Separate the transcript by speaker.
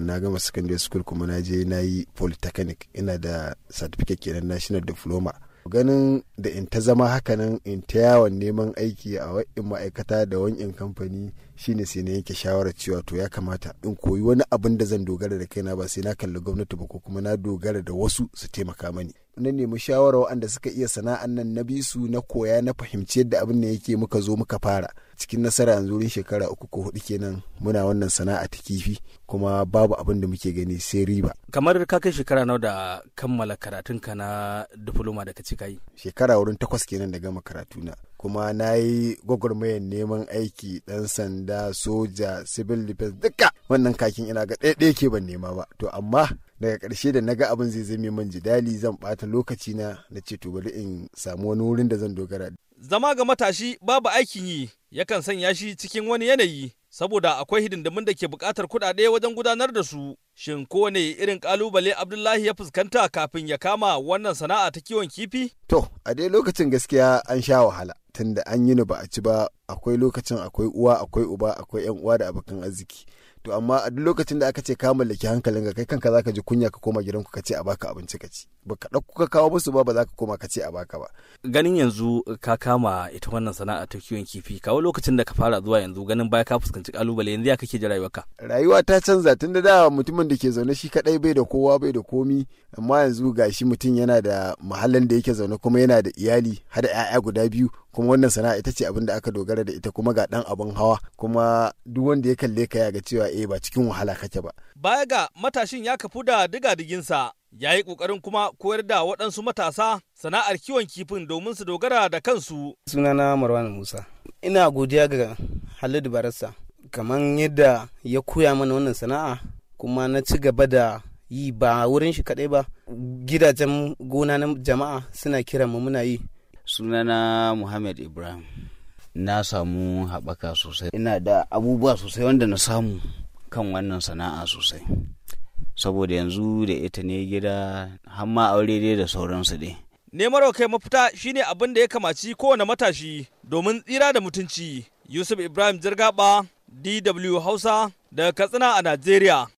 Speaker 1: na gama secondary school kuma na je na yi polytechnic ina da certificate kenan national diploma ganin da in ta zama hakanan in ta yawon neman aiki a wa'in ma'aikata da wankin kamfani shine sai na yanke shawarar cewa to ya kamata in koyi wani abin da zan dogara da kaina ba sai na kalli gwamnati ba ko kuma na dogara da wasu su taimaka mani na nemi shawara waɗanda suka iya sana'an nan na bisu na koya na fahimci yadda abin ne yake muka zo muka fara cikin nasara yanzu wurin shekara uku ko hudu kenan muna wannan sana'a ta kifi kuma babu abin da muke gani sai riba
Speaker 2: kamar ka kai shekara nawa da kammala karatun ka na diploma da ka ci kai
Speaker 1: shekara wurin takwas kenan da gama karatu na.
Speaker 2: kuma na yi gwagwarmayar
Speaker 1: neman aiki dan sanda soja civil defense duka wannan kakin ina ga ɗaya ke ban nema ba to amma daga ƙarshe da na ga abin zai zame man jidali zan ɓata lokaci na na ce to bari in samu wani wurin da zan dogara.
Speaker 2: Zama ga matashi babu aikin yi yakan sanya shi cikin wani yanayi saboda akwai hidindimin da ke buƙatar kuɗaɗe wajen gudanar da su. Shin kowane irin ƙalubale Abdullahi ya fuskanta kafin ya kama wannan sana'a ta kiwon kifi?
Speaker 1: To, a dai lokacin gaskiya an sha wahala. tun da an yi ba a ci ba akwai lokacin akwai uwa akwai uba akwai yan uwa da abokan arziki to amma a duk lokacin da aka ce ka mallaki hankalin ka kai kanka zaka ji kunya ka koma gidanku ka ce a baka abinci ka ci ka dauko ka kawo musu ba ba za ka koma ka ce a baka ba
Speaker 2: ganin yanzu ka kama ita wannan sana'a ta kiwon kifi kawo lokacin da ka fara zuwa yanzu ganin baya ka fuskanci kalubale yanzu ya kake ji rayuwarka rayuwa
Speaker 1: ta canza tun da da mutumin da ke zaune shi kadai bai da kowa bai da komi amma yanzu gashi mutum yana da muhallin da yake zaune kuma yana da iyali har da 'ya'ya guda biyu kuma wannan sana'a ita ce abin da aka dogara da ita kuma ga dan abin hawa kuma duk wanda ya kalle ka ya ga cewa eh ba cikin wahala kake ba
Speaker 2: baya ga matashin ya kafu da diga-diginsa ya yi kokarin kuma koyar da waɗansu matasa sana'ar kiwon kifin domin su dogara da kansu
Speaker 3: sunana marwan musa ina godiya ga halidu barasa kamar yadda ya koya mana wannan sana'a kuma na ci gaba da yi ba wurin shi kaɗai ba gidajen gona na jama'a suna kiran mu muna yi sunana muhammad ibrahim na samu haɓaka sosai ina da abubuwa sosai wanda na samu kan wannan sana'a sosai saboda yanzu da ita ne gida hamma aure dai da sauransu dai
Speaker 2: nemar kai mafita shine abin da ya kamaci kowane matashi domin tsira da mutunci yusuf ibrahim jirgaba dw hausa daga katsina a najeriya